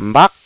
mbaq